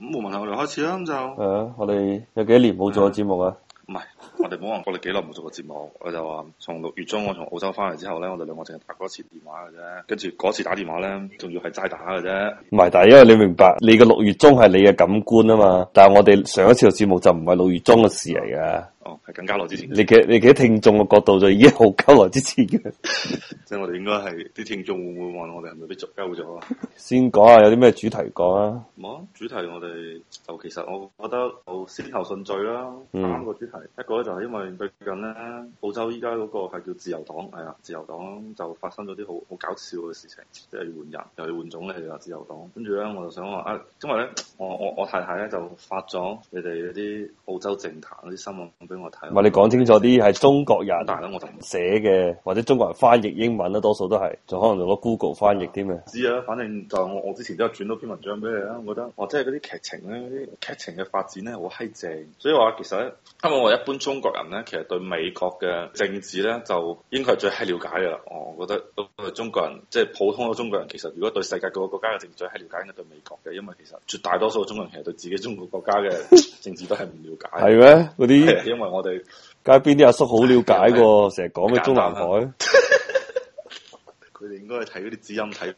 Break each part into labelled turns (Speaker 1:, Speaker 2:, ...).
Speaker 1: 咁冇問題我、啊，我哋開始啦咁就。
Speaker 2: 係我哋有幾多年冇做過節目啊？唔係
Speaker 1: 我哋冇話過你幾耐冇做過節目。我就話，從六月中我從澳洲翻嚟之後咧，我哋兩個淨係打過一次電話嘅啫。跟住嗰次打電話咧，仲要係齋打嘅啫。
Speaker 2: 唔係，但係因為你明白，你嘅六月中係你嘅感官啊嘛。但係我哋上一次嘅節目就唔係六月中嘅事嚟噶。
Speaker 1: 哦，係、oh, 更加耐之
Speaker 2: 前你。你嘅你嘅聽眾嘅角度就已經好久耐之前嘅，
Speaker 1: 即係我哋應該係啲聽眾會唔會話我哋係咪被捉鳩咗啊？
Speaker 2: 先講下有啲咩主題講啊？
Speaker 1: 冇啊，主題我哋就其實我覺得就先後順序啦，三個主題。嗯、一個咧就係因為最近咧澳洲依家嗰個係叫自由黨，係啊，自由黨就發生咗啲好好搞笑嘅事情，即係換人又要換種類嘅自由黨。跟住咧我就想話啊，因為咧我我我太太咧就發咗你哋嗰啲澳洲政壇嗰啲新聞。唔係你
Speaker 2: 講清楚啲係中國人但我寫嘅，或者中國人翻譯英文啦，多數都係，就可能用咗 Google 翻譯添。咩？
Speaker 1: 知啊，反正就我我之前都有轉到篇文章俾你啦。我覺得哦，即係嗰啲劇情咧，啲劇情嘅發展咧好閪正，所以話其實因為我一般中國人咧，其實對美國嘅政治咧就應該係最閪了解嘅啦。我覺得都係中國人，即係普通嘅中國人，其實如果對世界各個國家嘅政治最閪了解，應該對美國嘅，因為其實絕大多數中國人其實對自己中國國家嘅政治都係唔了解，係咩？ 嗰啲。 因為
Speaker 2: 我哋街邊啲阿叔好了解喎，成日講咩中南海，
Speaker 1: 佢哋 應該係睇嗰啲知音睇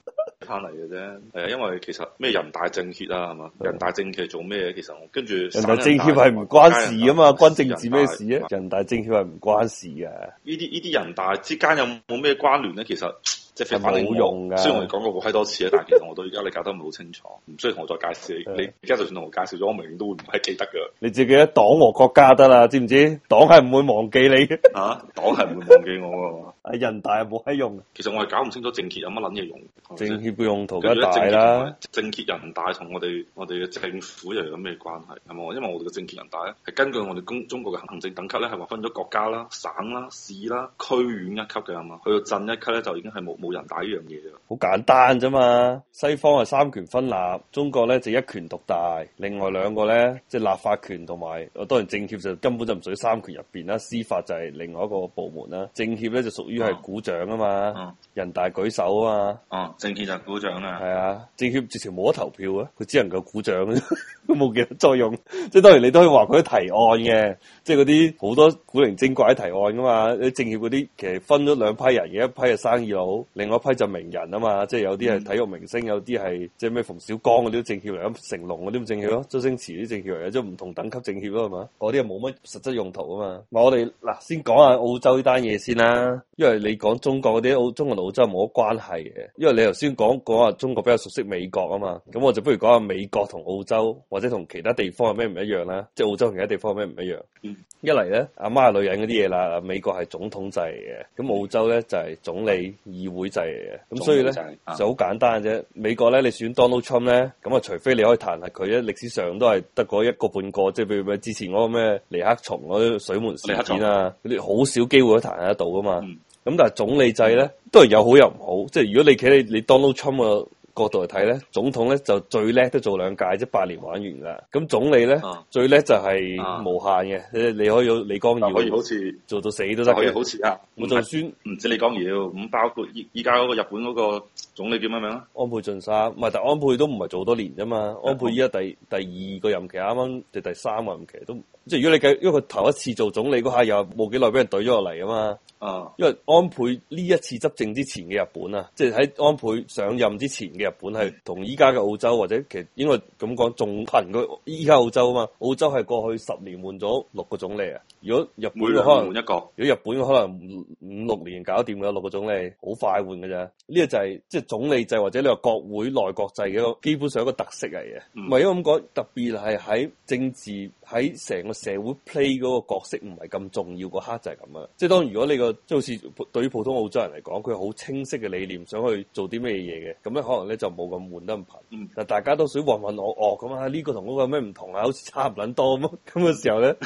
Speaker 1: 翻嚟嘅啫。係啊，因為其實咩人大政協啊，係嘛？是人大政協係做咩？其實我跟住人大政協係唔關事啊嘛，關政治咩事啊？
Speaker 2: 人大政協係唔關事嘅。呢
Speaker 1: 啲呢啲人大之間有冇咩關聯咧？其實。即係冇用嘅，雖然我哋講過好閪多次咧，但係其實我到而家你搞得唔係好清楚，唔需要同我再介紹。的你而家就算同我介紹咗，我永遠都會唔係記得嘅。
Speaker 2: 你自己一黨和國家得啦，知唔知？黨係唔會忘記你嘅。
Speaker 1: 嚇、 啊，黨係唔會忘記我㗎嘛？人大係冇閪用。其實我係搞唔清楚政協有乜撚嘢用。政
Speaker 2: 協用途大啦。
Speaker 1: 政協人大同我哋我哋嘅政府又有咩關係？係咪？因為我哋嘅政協人大咧，係根據我哋中中國嘅行政等級咧，係劃分咗國家啦、省啦、市啦、區縣一級嘅係嘛。去到鎮一級咧，就已經係冇。冇人打呢樣
Speaker 2: 嘢，好簡單啫嘛。西方係三權分立，中國咧就一權獨大。另外兩個咧，即係立法權同埋，當然政協就根本就唔屬於三權入邊啦。司法就係另外一個部門啦。政協咧就屬於係鼓掌啊嘛，啊人大舉手啊嘛。哦、啊，政協就鼓掌啊。係啊，政協直情冇得投票啊，佢只能夠鼓掌。 都冇幾多作用，即係當然你都可以話佢啲提案嘅，即係嗰啲好多古靈精怪嘅提案噶嘛。你政協嗰啲其實分咗兩批人嘅，一批係生意佬，另外一批就名人啊嘛，即係有啲係體育明星，嗯、有啲係即係咩馮小剛嗰啲政協嚟，咁成龍嗰啲咁政協咯，嗯、周星馳啲政協嚟嘅，即唔同等級政協咯係嘛？嗰啲又冇乜實質用途啊嘛。我哋嗱先講下澳洲呢單嘢先啦，因為你講中國嗰啲澳，中國同澳洲冇乜關係嘅，因為你頭先講講下中國比較熟悉美國啊嘛，咁我就不如講下美國同澳洲。或者同其他地方有咩唔一樣啦？即係澳洲同其他地方有咩唔一樣？嗯、一嚟咧，阿媽係女人嗰啲嘢啦。美國係總統制嘅，咁澳洲咧就係、是、總理議會制嘅。咁所以咧就好簡單嘅啫。美國咧，你選 Donald Trump 咧，咁啊，除非你可以彈下佢咧，歷史上都係得嗰一個半個。即係譬如之前嗰個咩尼克松嗰啲水門事件啊，嗰啲好少機會彈得到噶嘛。咁、嗯、但係總理制咧都係有好有唔好。即係如果你企喺你，你 Donald Trump 啊。角度嚟睇咧，總統咧就最叻都做兩屆啫，八年玩完啦。咁總理咧、啊、最叻就係無限嘅，啊、你可以李光耀你可以好似做到死都得。可以
Speaker 1: 好似啊，我倍晉，唔知李光耀。咁包括依依家嗰個日本嗰個總理叫咩名啊？
Speaker 2: 安倍晉三，唔係，但安倍都唔係做好多年啫嘛。嗯、安倍依家第第二個任期，啱啱就第三個任期都，即係如果你計，因為佢頭一次做總理嗰下又冇幾耐俾人懟咗落嚟啊嘛。啊，因為安倍呢一次執政之前嘅日本啊，即係喺安倍上任之前嘅日本係同依家嘅澳洲，或者其實應該咁講仲近過依家澳洲啊嘛，澳洲係過去十年換咗六個總理啊。如果日本嘅可能換一個如果日本嘅可能五，五六年搞掂嘅，六個總理，好快換嘅啫。呢、這個就係、是、即係總理制或者你話國會內閣制嘅一個，基本上一個特色嚟嘅。唔係、嗯、因為咁講，特別係喺政治喺成個社會 play 嗰個角色唔係咁重要嗰刻就係咁啊。即係當如果你個即係好似對於普通澳洲人嚟講，佢好清晰嘅理念，想去做啲咩嘢嘅，咁咧可能咧就冇咁換得咁頻。嗯、但大家都想問問我我咁、哦、啊，呢、這個同嗰個咩唔同啊？好似差唔捻多咁，咁嘅時候咧。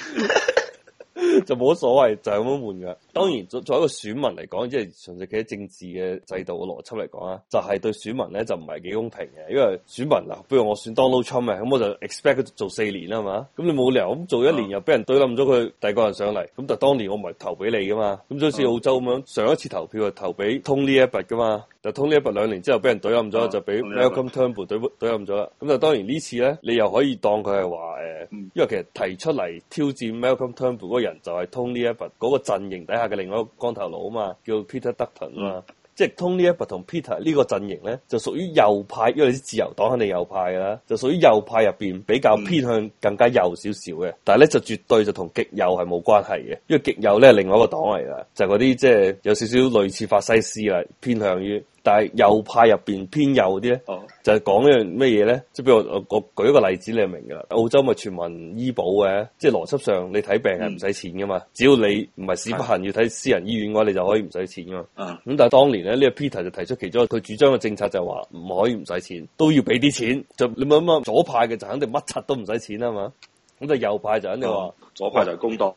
Speaker 2: 就冇乜所謂，就咁、是、樣換嘅。當然，作作一個選民嚟講，即係純粹企喺政治嘅制度嘅邏輯嚟講啊，就係、是、對選民咧就唔係幾公平嘅。因為選民啊，比如我選 Donald Trump 嘅，咁我就 expect 做四年啦嘛。咁你冇理由咁做一年又俾人堆冧咗佢，第二個人上嚟。咁就係當年我唔係投俾你噶嘛。咁即好似澳洲咁樣，上一次投票係投俾通呢一 y a 噶嘛。就 Tony Abbott 兩年之後，俾人懟冚咗，就俾 Malcolm Turnbull 懟冚懟咗啦。咁就 當然呢次咧，你又可以當佢係話誒，嗯、因為其實提出嚟挑戰 Malcolm Turnbull 嗰人，就係 Tony Abbott 嗰個陣營底下嘅另外一個光頭佬啊嘛，叫 Peter Dutton 啊嘛。嗯、即係 Tony Abbott 同 Peter 呢個陣營咧，就屬於右派，因為你啲自由黨肯定右派噶啦，就屬於右派入邊比較偏向更加右少少嘅。嗯、但係咧就絕對就同極右係冇關係嘅，因為極右咧係另外一個黨嚟噶，就係嗰啲即係有少少類似法西斯啦，偏向於。但係右派入邊偏右啲咧、啊，就係講一樣咩嘢咧？即係比如我我，我舉一個例子，你就明㗎啦。澳洲咪全民醫保嘅，即係邏輯上你睇病係唔使錢㗎嘛。只要你唔係市不行、嗯、要睇私人醫院嘅話，你就可以唔使錢㗎嘛。咁、嗯、但係當年咧呢個、嗯、Peter 就提出其中佢主張嘅政策就係話唔可以唔使錢，都要俾啲錢。就你諗諗啊，左派嘅就肯定乜柒都唔使錢啊嘛。咁但係右派就肯定話、嗯、左派就工黨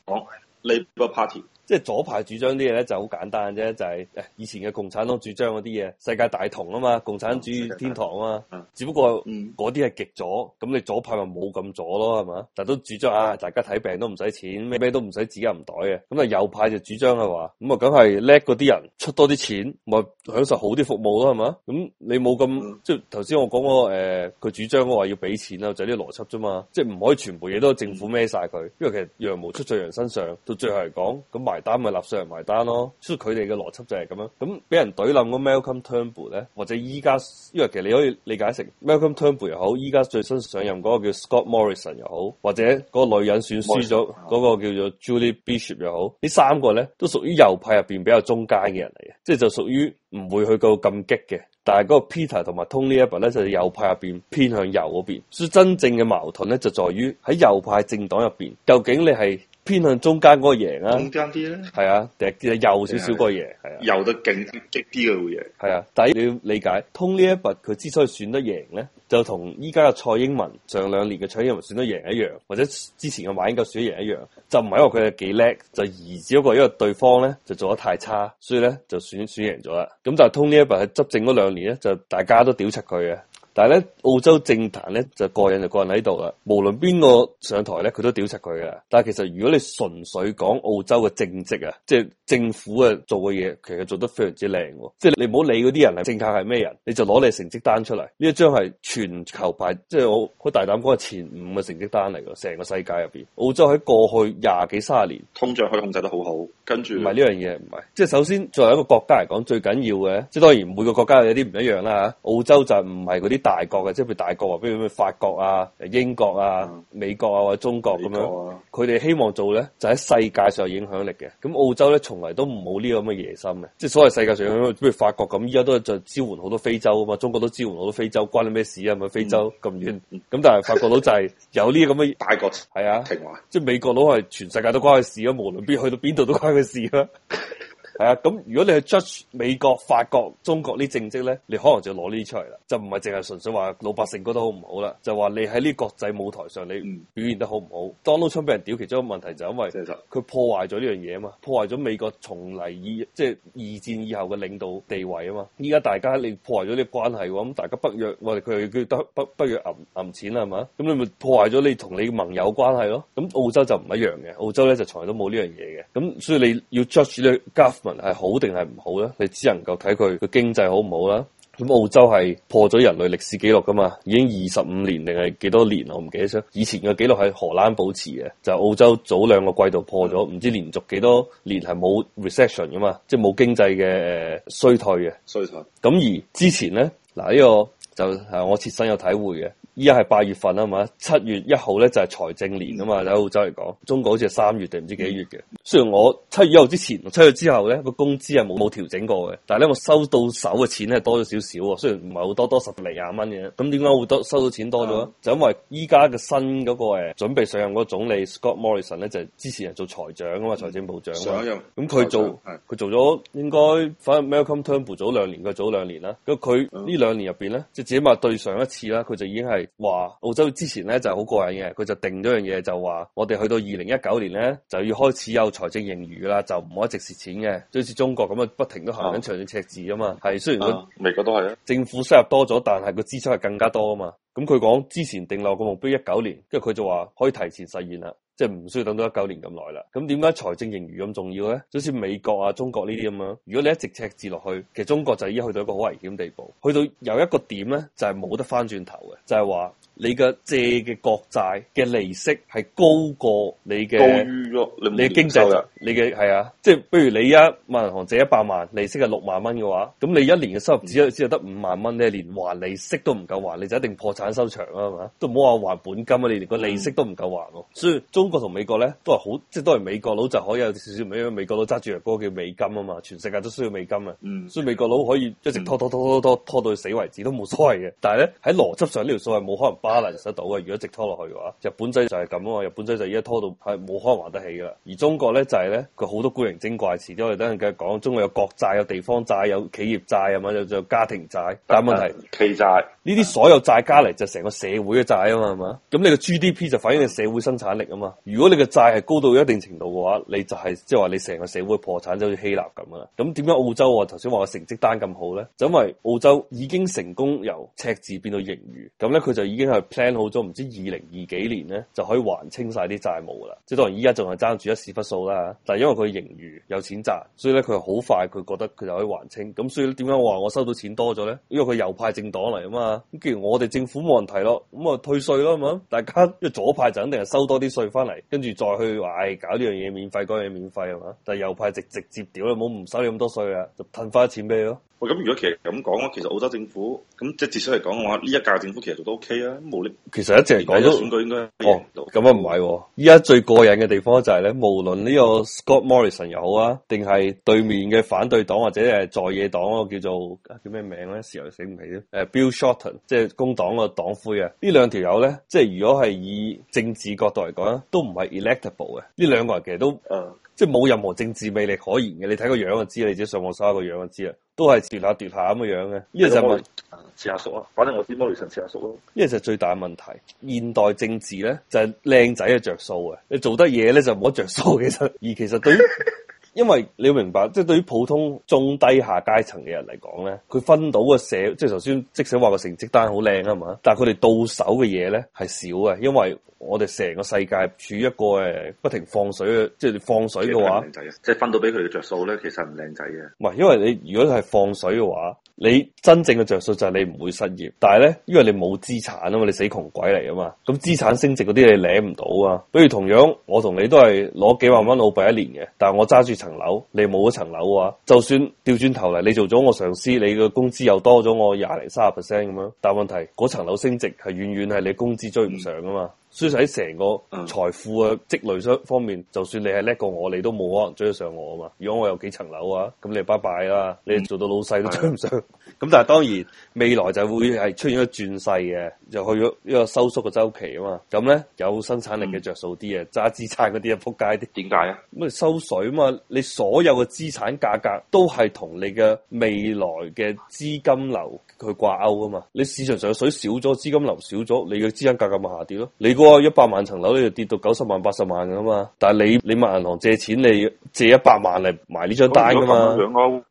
Speaker 2: Labour Party。即係左派主張啲嘢咧，就好簡單啫，就係誒以前嘅共產黨主張嗰啲嘢，世界大同啊嘛，共產主義天堂啊嘛。嗯、只不過嗰啲係極左，咁你左派咪冇咁左咯，係嘛？但都主張啊，大家睇病都唔使錢，咩咩都唔使紙銀袋嘅。咁啊右派就主張係話，咁啊梗係叻嗰啲人出多啲錢，咪享受好啲服務咯，係嘛？咁你冇咁即係頭先我講個誒，佢、呃、主張嘅話要俾錢啊，就係啲邏輯啫嘛。即係唔可以全部嘢都政府孭晒佢，嗯、因為其實羊毛出在羊身上，到最後嚟講，咁單咪納稅人埋單咯，所以佢哋嘅邏輯就係咁樣。咁俾人懟冧嗰 Malcolm Turnbull 咧，或者依家因為其實你可以理解成 Malcolm Turnbull 又好，依家最新上任嗰個叫 Scott Morrison 又好，或者嗰個女人選輸咗嗰個叫做 Julie Bishop 又好，呢三個咧都屬於右派入邊比較中間嘅人嚟嘅，即係就屬於唔會去到咁激嘅。但係嗰個 Peter 同埋 Tony Abbott 咧就係、是、右派入邊偏向右嗰邊，所以真正嘅矛盾咧就在於喺右派政黨入邊究竟你係。偏向中間嗰個贏啊，中間啲咧，係啊，第又少少個贏，係是啊，右得勁激啲嘅會贏，係啊。但係你要理解，通呢一筆佢之所以選得贏咧，就同依家嘅蔡英文上兩年嘅蔡英文選得贏一樣，或者之前嘅馬英九選得贏一樣，就唔係因為佢係幾叻，就而只不過因為對方咧就做得太差，所以咧就選選贏咗啦。咁但係通呢一筆喺執政嗰兩年咧，就大家都屌柒佢啊。但係咧，澳洲政壇咧就個人就個人喺度啦。無論邊個上台咧，佢都屌柒佢嘅。但係其實如果你純粹講澳洲嘅政績啊，即係政府啊做嘅嘢，其實做得非常之靚喎。即係你唔好理嗰啲人係政客係咩人，你就攞你成績單出嚟。呢一張係全球排，即係我好大膽講係前五嘅成績單嚟嘅，成個世界入邊。澳洲喺過去廿幾三十年，通脹可以控制得好好，跟住唔係呢樣嘢，唔係。即係首先作為一個國家嚟講，最緊要嘅，即係當然每個國家有啲唔一樣啦嚇。澳洲就唔係嗰啲。大國嘅，即係譬如大國，譬如譬如法國啊、英國啊、美國啊或者中國咁樣，佢哋、啊、希望做咧就喺、是、世界上有影響力嘅。咁澳洲咧，從來都唔冇呢個咁嘅野心嘅，即係所謂世界上有影響力，譬如法國咁，依家都係就支援好多非洲啊嘛，中國都支援好多非洲，關你咩事啊？咪非洲咁遠，咁、嗯、但係法國佬就係有呢咁嘅大國，係 啊，話即係美國佬係全世界都關佢事啊，無論邊去到邊度都關佢事啊。 係啊，咁如果你去 judge 美國、法國、中國啲政績咧，你可能就要攞呢啲出嚟啦，就唔係淨係純粹話老百姓覺得好唔好啦，就話你喺呢國際舞台上你表現得好唔好、嗯？Donald Trump 俾人屌，其中一個問題就係因為佢破壞咗呢樣嘢啊嘛，破壞咗美國從嚟以即係、就是、二戰以後嘅領導地位啊嘛，依家大家你破壞咗啲關係，咁大家北約我哋，佢得北北約揞揞錢啦係嘛，咁你咪破壞咗你同你盟友關係咯，咁澳洲就唔一樣嘅，澳洲咧就從來都冇呢樣嘢嘅，咁所以你要 judge 呢 government。係好定係唔好咧？你只能夠睇佢個經濟好唔好啦。咁澳洲係破咗人類歷史紀錄噶嘛？已經二十五年定係幾多年我唔記得咗。以前嘅紀錄喺荷蘭保持嘅，就是、澳洲早兩個季度破咗，唔知連續幾多年係冇 recession 噶嘛？即係冇經濟嘅衰退嘅。衰退。咁而之前咧，嗱、這、呢個就係我切身有體會嘅。依家係八月份啊嘛，七月一號咧就係、是、財政年啊嘛，喺、就是、澳洲嚟講，中國好似係三月定唔知幾月嘅。雖然我七月一號之前，七月之後咧個工資係冇冇調整過嘅，但係咧我收到手嘅錢咧多咗少少喎。雖然唔係好多，多十零廿蚊嘅。咁點解會多收到錢多咗？嗯、就因為依家嘅新嗰個誒準備上任嗰個總理 Scott Morrison 咧就係、之前係做財長啊嘛，財政部長。咁佢任做，佢想做咗是應該反正 Malcolm Turnbull 早兩年，佢早兩年啦。咁佢呢兩年入邊咧，即係最起碼對上一次啦，佢就已經係。話澳洲之前咧就係、是、好過癮嘅，佢就定咗樣嘢，就話，我哋去到二零一九年咧就要開始有財政盈餘啦，就唔可以直蝕錢嘅，就好似中國咁啊，不停都行緊長遠赤字啊嘛，係雖然個、啊、美國都係啊，政府收入多咗，但係個支出係更加多啊嘛，咁佢講之前定落個目標一九年，跟住佢就話可以提前實現啦。即係唔需要等到一九年咁耐啦。咁點解財政盈餘咁重要咧？就好似美國啊、中國呢啲咁樣。如果你一直赤字落去，其實中國就已經去到一個好危險嘅地步，去到有一個點咧就係冇得翻轉頭嘅，就係話你嘅借嘅國債嘅利息係高過你嘅，高於你嘅經濟，你嘅係啊，即係譬如你一萬銀行借一百萬，利息係六萬蚊嘅話，咁你一年嘅收入只只得五萬蚊，你連還利息都唔夠還，你就一定破產收場啦嘛。都唔好話還本金啊，你連個利息都唔夠還喎、嗯。所以中中國同美國咧都係好，即係都係美國佬就可以有少少咩？美國佬揸住個叫美金啊嘛，全世界都需要美金啊，嗯、所以美國佬可以一直拖、嗯、拖拖拖拖拖到死為止都冇所衰嘅。但係咧喺邏輯上呢條數係冇可能巴 a l 得到嘅。如果一直拖落去嘅話，日本仔就係咁啊，日本仔就依家拖到係冇可能還得起噶啦。而中國咧就係、是、咧，佢好多孤形精怪，始啲我哋等人繼續講。中國有國債、有地方債、有企業債啊嘛，又仲有家庭債。但係問題，企、啊、債呢啲所有債加嚟，就成個社會嘅債啊嘛，咁你個 GDP 就反映你社會生產力啊嘛。如果你嘅債係高到一定程度嘅話，你就係即係話你成個社會破產，就好似希臘咁㗎啦！咁點解澳洲啊，頭先話個成績單咁好咧？就因為澳洲已經成功由赤字變到盈餘，咁咧佢就已經係 plan 好咗唔知二零二幾年咧就可以還清晒啲債務噶啦。即係當然依家仲係爭住一屎忽數啦，但係因為佢盈餘有錢賺，所以咧佢好快佢覺得佢就可以還清。咁所以點解我話我收到錢多咗咧？因為佢右派政黨嚟啊嘛，咁既然我哋政府冇問題咯，咁啊退稅咯，係咪？大家一左派就肯定係收多啲稅翻。跟住再去話，搞呢樣嘢免費，嗰樣嘢免費係嘛？但係右派直接直接屌啦，冇唔收你咁多稅啊，就退翻錢畀你咯。
Speaker 1: 喂，咁、哦、如果其實咁講啊，其實澳洲政府咁即係至少嚟講嘅話，呢一屆政府其實做得 OK 啊，冇力。其實一直嚟講都選舉應
Speaker 2: 該哦，咁啊唔係，依家最過癮嘅地方就係、是、咧，無論呢個 Scott Morrison 又好啊，定係對面嘅反對黨或者係在野黨嗰個叫做叫咩名咧，時候又醒唔起咧，誒 Bill Shorten 即係工黨個黨魁啊，兩呢兩條友咧，即係如果係以政治角度嚟講咧，都唔係 electable 嘅呢兩個人其實都誒。嗯即係冇任何政治魅力可言嘅，你睇個樣就知啦，你自己上網搜下個樣就知啦，都係斷下斷下咁嘅樣嘅。呢個就
Speaker 1: 係啊，似阿叔咯，反正我知莫里森似阿叔咯。
Speaker 2: 呢個就係最大嘅問題。現代政治咧就係靚仔嘅着數嘅，你做得嘢咧就冇得着數。其實而其實對於。 因為你要明白，即係對於普通中低下階層嘅人嚟講咧，佢分到嘅社，即係頭先即使話個成績單好靚啊嘛，嗯、但係佢哋到手嘅嘢咧係少嘅，因為我哋成個世界處於一個誒不停放水嘅，嗯、即係放水嘅話，
Speaker 1: 即係分到俾佢哋着數咧，其實唔靚仔嘅。
Speaker 2: 唔係，因為你如果係放水嘅話。你真正嘅着數就係你唔會失業，但係咧，因為你冇資產啊嘛，你死窮鬼嚟啊嘛，咁資產升值嗰啲你領唔到啊。比如同樣，我同你都係攞幾萬蚊澳幣一年嘅，但係我揸住層樓，你冇嗰層樓嘅話，就算掉轉頭嚟，你做咗我上司，你嘅工資又多咗我廿零卅 percent 咁樣，但係問題嗰層樓升值係遠遠係你工資追唔上啊嘛。嗯所以喺成個財富嘅積累上方面，嗯、就算你係叻過我，你都冇可能追得上我啊嘛！如果我有幾層樓啊，咁你就拜拜啦，啊，你做到老細都追唔上。咁，嗯、 但係當然未來就會係出現一個轉勢嘅，就去咗呢個收縮嘅周期啊嘛，咁咧有生產力嘅着數啲啊，揸、嗯、資產嗰啲啊撲街啲。點解啊？咁你收水啊嘛，你所有嘅資產價格都係同你嘅未來嘅資金流去掛鈎啊嘛。你市場上水少咗，資金流少咗，你嘅資產價格咪下跌咯。你嗰個一百萬層樓，你就跌到九十萬、八十萬噶嘛。但係你你問銀行借錢，你借一百萬嚟買呢張單噶嘛？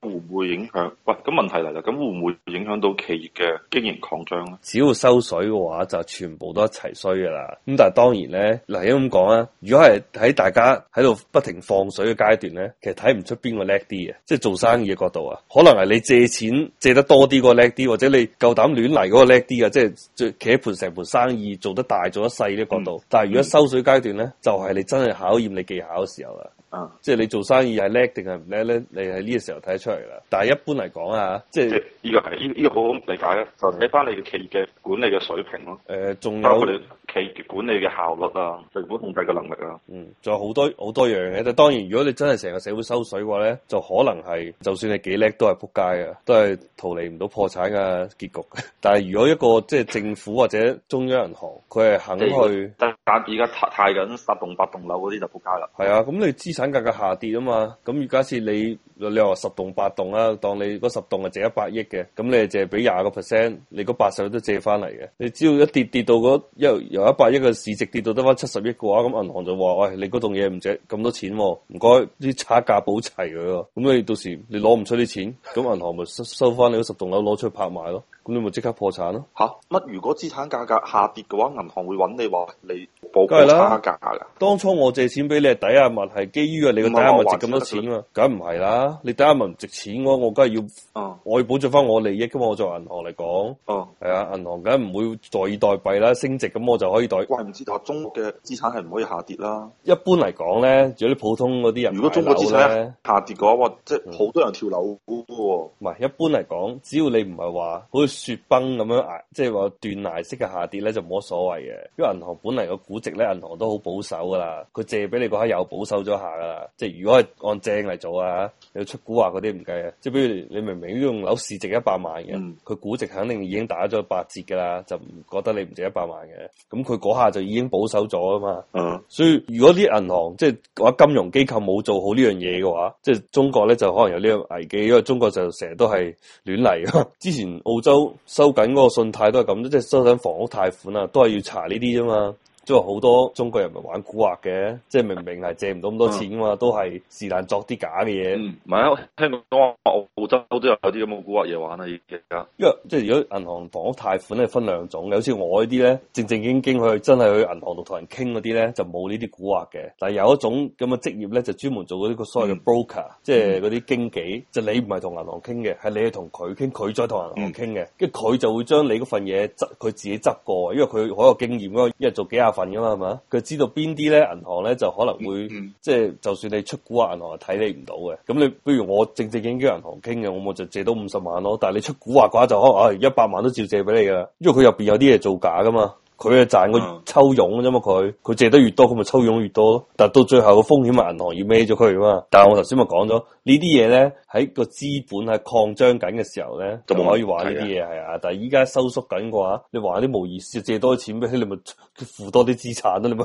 Speaker 2: 會
Speaker 1: 唔會影響？喂，咁問題嚟啦，咁會唔會影響到企業嘅經營擴張咧？
Speaker 2: 只要收水。嘅話就全部都一齊衰噶啦，咁但係當然咧，嗱，咁講啊，如果係喺大家喺度不停放水嘅階段咧，其實睇唔出邊個叻啲嘅，即係做生意嘅角度啊，可能係你借錢借得多啲嗰個叻啲，或者你夠膽亂嚟嗰個叻啲啊，即係企喺盤成盤生意做得大做得細呢角度，嗯、但係如果收水階段咧，嗯、就係你真係考驗你技巧嘅時候啦。啊！即係你做生意係叻定係唔叻咧？你喺呢個時候睇得出嚟啦。但係一般嚟講啊，即係呢個係呢
Speaker 1: 個好好理解就睇翻你企業嘅管理嘅水平咯。
Speaker 2: 誒，仲有
Speaker 1: 企業管理嘅效率啊，政府控制嘅能力啊。嗯，
Speaker 2: 仲有好多好多樣嘢。但係當然，如果你真係成個社會收水嘅話咧，就可能係就算你幾叻都係仆街啊，都係逃離唔到破產嘅結局。但係如果一個即係政府或者中央銀行，佢係肯去，
Speaker 1: 但係而家太緊十棟八棟樓嗰啲就仆街啦。係
Speaker 2: 啊，咁你資產價嘅下跌啊嘛，咁而家似你你話十棟八棟啦，當你嗰十棟係值一百億嘅，咁你淨係俾廿個 percent，你嗰八十億都借翻嚟嘅。你只要一跌跌到嗰由一百億嘅市值跌到得翻七十億嘅話，咁銀行就話：，喂、哎，你嗰棟嘢唔值咁多錢、啊，唔該，啲差價補齊佢。咁你到時你攞唔出啲錢，咁銀行咪收收翻你嗰十棟樓攞出去拍賣咯。咁你咪即刻破產咯？
Speaker 1: 嚇乜？如果資產價格下跌嘅話，銀行會搵你話你補個差價噶。
Speaker 2: 當初我借錢俾你係抵押物，係基於啊你個抵押物值咁多錢啊。梗唔係啦。你抵押物唔值錢嘅話，我梗係要，我要保障翻我利益噶嘛。我做銀行嚟講，係啊，銀行梗唔會坐以待斃啦。升值咁我就可以代。怪唔之得，中
Speaker 1: 國嘅資產係唔可以下跌啦。
Speaker 2: 一般嚟講咧，有啲普通嗰啲人如果中國資產
Speaker 1: 下跌嘅話，哇，即係好多人跳樓噶喎。唔係，一般嚟講，只要你唔係話
Speaker 2: 好似。雪崩咁樣啊，即係話斷崖式嘅下跌咧，就冇乜所謂嘅。因為銀行本嚟個估值咧，銀行都好保守噶啦，佢借俾你嗰下又保守咗下噶啦。即係如果係按正嚟做啊，有出股話嗰啲唔計啊。即係比如你明明呢棟樓市值一百萬嘅，佢、嗯、估值肯定已經打咗八折噶啦，就唔覺得你唔值一百萬嘅。咁佢嗰下就已經保守咗啊嘛。嗯、所以如果啲銀行即係話金融機構冇做好呢樣嘢嘅話，即係中國咧就可能有呢個危機。因為中國就成日都係亂嚟。之前澳洲。收緊嗰個信貸都係咁，即係收緊房屋貸款啊，都係要查呢啲啫嘛。即係好多中國人咪玩蠱惑嘅，即係明明係借唔到咁多錢嘛，嗯、都係是但作啲假嘅嘢。
Speaker 1: 唔係啊，聽講澳洲都有啲咁嘅蠱惑嘢玩啊，依家。因
Speaker 2: 為即係如果銀行房屋貸款咧，分兩種，好似我呢啲咧，正正經經去真係去銀行度同人傾嗰啲咧，就冇呢啲蠱惑嘅。但係有一種咁嘅職業咧，就專門做嗰啲個所謂嘅 broker、嗯、即係嗰啲經紀。嗯、就你唔係同銀行傾嘅，係你係同佢傾，佢再同銀行傾嘅。跟住佢、嗯、就會將你嗰份嘢執，佢自己執過，因為佢好有經驗，因為，有經驗，因為做幾廿。份嘛，係嘛、嗯嗯？佢知道邊啲咧？銀行咧就可能會，即、就、係、是、就算你出古惑，銀行睇你唔到嘅。咁你，不如我正正經經銀行傾嘅，我咪就借到五十萬咯。但係你出古惑嘅話，就可能誒一百萬都照借俾你噶啦，因為佢入邊有啲嘢造假噶嘛。佢啊賺個抽佣啫嘛，佢佢借得越多，佢咪抽佣越多咯。但係到最後個風險，咪銀行要孭咗佢嘛。但係我頭先咪講咗呢啲嘢咧，喺個資本係擴張緊嘅時候咧，就可以玩呢啲嘢係啊。的但係依家收縮緊嘅話，你玩啲無意思，借多啲錢俾你咪負多啲資產咯。你咪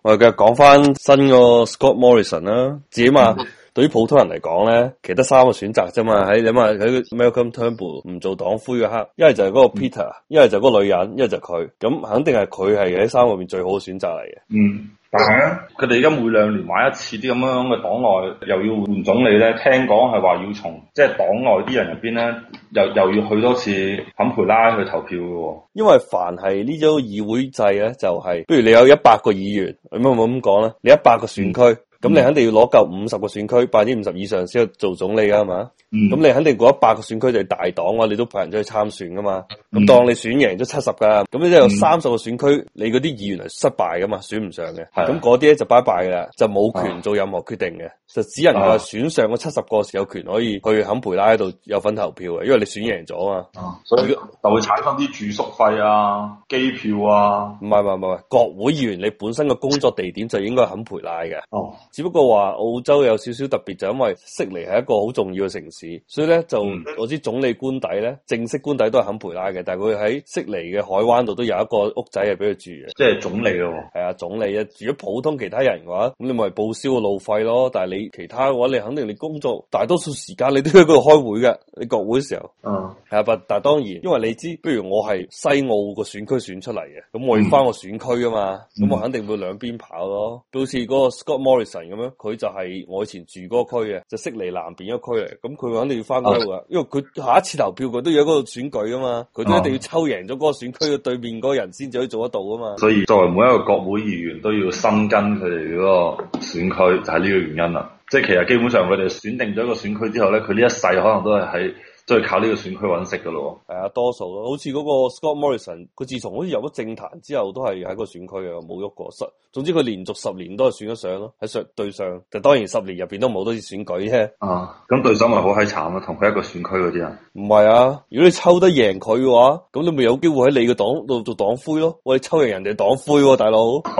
Speaker 2: 我哋繼續講翻新個 Scott Morrison 啦，自己嘛。對於普通人嚟講咧，其實得三個選擇啫嘛，喺你話喺 Malcolm Turnbull 唔做黨魁嘅刻，一係就係嗰個 Peter，一係、嗯、就嗰個女人，一係就佢，咁肯定係佢係喺三個入邊最
Speaker 1: 好嘅選擇嚟嘅。嗯，但係咧，佢哋而家每兩年玩一次啲咁樣嘅黨內又要換總理咧，聽講係話要從即係、就是、黨內啲人入邊咧，又又要去多次坎培拉去投票嘅、哦。因為凡係呢種議會制咧，就係、是、不
Speaker 2: 如你有一百個議員，咁有冇咁講咧？你一百個選區。嗯咁、嗯、你肯定要攞夠五十個選區，百分之五十以上先去做總理噶，係嘛、嗯？咁吧你肯定嗰一百個選區就係大黨，啊，你都派人出去參選噶、啊、嘛。咁、嗯、當你選贏咗七十噶，咁咧、嗯、有三十個選區，你嗰啲議員係失敗噶嘛，選唔上嘅。咁嗰啲咧就拜拜噶啦，就冇權做任何決定嘅，啊、就只能話選上嗰七十個就有權可以去肯培拉喺度有份投票嘅，因為你選贏咗啊。所以就會產
Speaker 1: 生啲住宿費啊、機票啊。唔係唔係唔係，國
Speaker 2: 會議員你本身嘅工作地點就應該肯培拉嘅。哦、啊。只不過話澳洲有少少特別，就因為悉尼係一個好重要嘅城市，所以咧就、嗯、我知總理官邸咧，正式官邸都係肯培拉嘅，但係佢喺悉尼嘅海灣度都有一個屋仔係俾佢住嘅，即係總理咯。係啊、嗯，總理啊，如果普通其他人嘅話，咁你咪報銷個路費咯。但係你其他嘅話，你肯定你工作大多數時間你都喺嗰度開會嘅，你國會嘅時候，係啊、嗯，但係當然，因為你知，不如我係西澳選區選個選區選出嚟嘅，咁我要返我選區啊嘛，咁、嗯、我肯定會兩邊跑咯。好似嗰個 Scott Morrison。咁樣，佢就係我以前住嗰個區嘅，就悉尼南邊一個區嚟，咁佢肯定要翻嗰度噶，啊、因為佢下一次投票佢都有嗰個選舉啊嘛，佢都一定要抽贏咗嗰個選區嘅對面嗰人先至可以做得到啊嘛。所以作為每一
Speaker 1: 個國會議員都要深耕佢哋嗰個選區，就係呢個原因啦。即係其實基本上佢哋選定咗一個選區之後咧，佢呢一世可能都係喺。都係靠呢個選區搵食噶咯，
Speaker 2: 係啊，多數咯，好似嗰個 Scott Morrison，佢自從好似入咗政壇之後，都係喺個選區啊冇喐過，失。總之佢連續十年都係選咗上咯，喺上對上，但係當然十年入邊都冇多次選舉啫。啊，咁對手咪好閪慘咯，同佢一個選區嗰啲人。唔係啊，如果你抽得贏佢嘅話，咁你咪有機會喺你嘅黨度做黨魁咯。喂、哦，你抽贏人哋黨魁，大佬。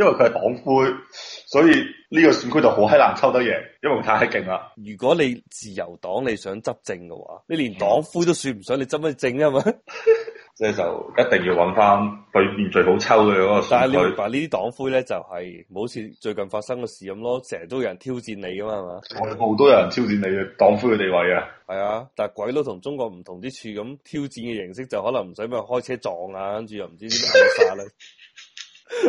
Speaker 1: 因為佢係黨魁，所以呢個選區就好閪難抽得贏，因為太勁啦。如
Speaker 2: 果你自由黨你想執政嘅話，你連黨魁都算唔上你執，你執乜政啊嘛？即係就一定要揾翻對面最好抽嘅個。但係你明白黨呢啲黨魁咧，就係好似最近發生嘅事咁咯，成日都有人挑戰你噶嘛，係嘛？我哋好多人挑戰你
Speaker 1: 嘅黨魁嘅地位啊。
Speaker 2: 係啊，但係鬼佬同中國唔同之處，咁挑戰嘅形式就可能唔使俾佢開車撞啊，跟住又唔知點樣殺咧。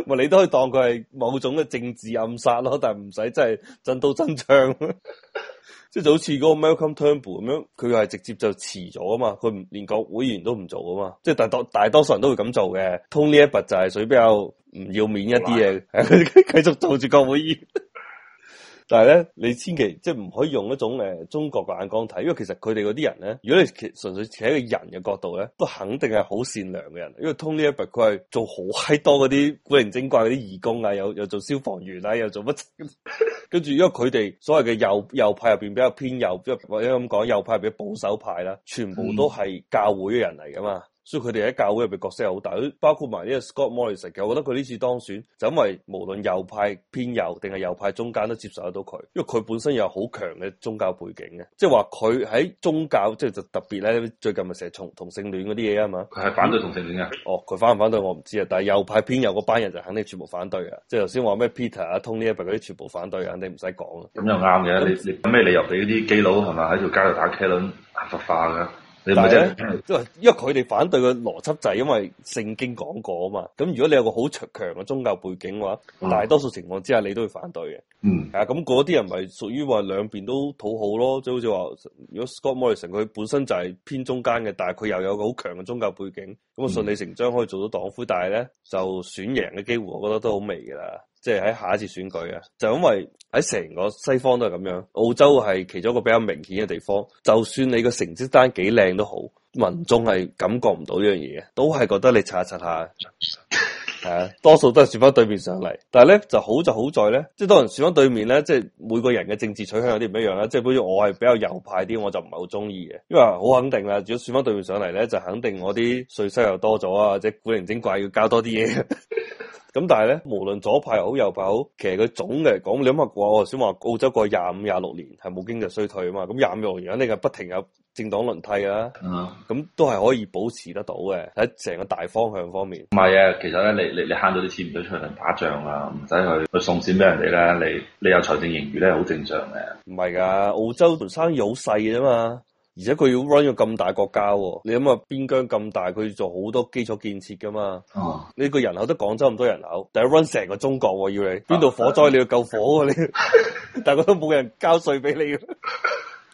Speaker 2: 咪 你都可以當佢係某種嘅政治暗殺咯，但係唔使真係真刀真槍，即係就好似嗰個 Malcolm Turnbull 咁樣，佢係直接就辭咗啊嘛，佢連國會議員都唔做啊嘛，即係大多大多數人都會咁做嘅，Tony Abbott 就係比較唔要面一啲嘢，繼 續做住國會議員。 但係咧，你千祈即係唔可以用一種誒、啊、中國嘅眼光睇，因為其實佢哋嗰啲人咧，如果你純粹企喺個人嘅角度咧，都肯定係好善良嘅人。因為 Tony Abbott 佢係做好閪多嗰啲古靈精怪嗰啲義工啊，又又做消防員啦、啊，又做乜？ 跟住因為佢哋所謂嘅右右派入邊比較偏右，或者咁講右派比較保守派啦，全部都係教會嘅人嚟噶嘛。嗯所以佢哋喺教會入邊角色又好大，包括埋呢個 Scott Morrison 嘅，我覺得佢呢次當選就因為無論右派偏右定係右派中間都接受得到佢，因為佢本身有好強嘅宗教背景嘅，即係話佢喺宗教即係就、特別咧，最近咪成日從同性戀嗰啲嘢啊嘛，佢係反對同性戀嘅。哦，佢反唔反對我唔知啊，但係右派偏右嗰班人就肯定全部反對啊，即係頭先話咩 Peter 啊、Tony Abbott 一派嗰啲全部反對啊，你唔使講啊。咁又啱嘅，你、嗯、你有
Speaker 1: 咩理由俾嗰啲基佬係嘛喺條街度打茄輪合法化㗎？
Speaker 2: 但係咧， 因為因為佢哋反對嘅邏輯就係因為聖經講過啊嘛。咁如果你有個好強嘅宗教背景嘅話，大、啊、多數情況之下你都會反對嘅。嗯，啊。咁嗰啲人咪屬於話兩邊都討好咯，即係好似話如果 Scott Morrison 佢本身就係偏中間嘅，但係佢又有個好強嘅宗教背景，咁啊順理成章可以做到黨魁，嗯、但係咧就選贏嘅機會，我覺得都好微噶啦。即係喺下一次選舉啊，就因為喺成個西方都係咁樣，澳洲係其中一個比較明顯嘅地方。就算你個成績單幾靚都好，民眾係感覺唔到呢樣嘢，都係覺得你擦下擦下，係啊，多數都係選翻對面上嚟。但係咧就好就好在咧，即係當人選翻對面咧，即係每個人嘅政治取向有啲唔一樣啦。即係比如我係比較右派啲，我就唔係好中意嘅，因為好肯定啦。如果選翻對面上嚟咧，就肯定我啲稅收又多咗啊，或者古靈精怪要交多啲嘢。 咁但係咧，無論左派又好右派好，其實佢總嘅講，你諗下我頭先話澳洲過廿五廿六年係冇經濟衰退啊嘛，咁廿五廿六年而家呢個不停有政黨輪替啊，咁、嗯嗯、都係可以保持得到嘅喺成個大方向方面。唔係啊，其實
Speaker 1: 咧，你你你慳到啲錢唔使出去打仗啊，唔使去去送錢俾人哋啦，你你有財政盈餘咧，好正常嘅。
Speaker 2: 唔係噶，澳洲做生意好細嘅嘛。而且佢要 run 咗咁大國家，哦，你諗下邊疆咁大，佢要做好多基礎建設噶嘛。哦、你個人口得廣州咁多人口，但係 run 成個中國喎，哦，要你邊度火災你要救火，啊，你 但係佢都冇人交稅俾你。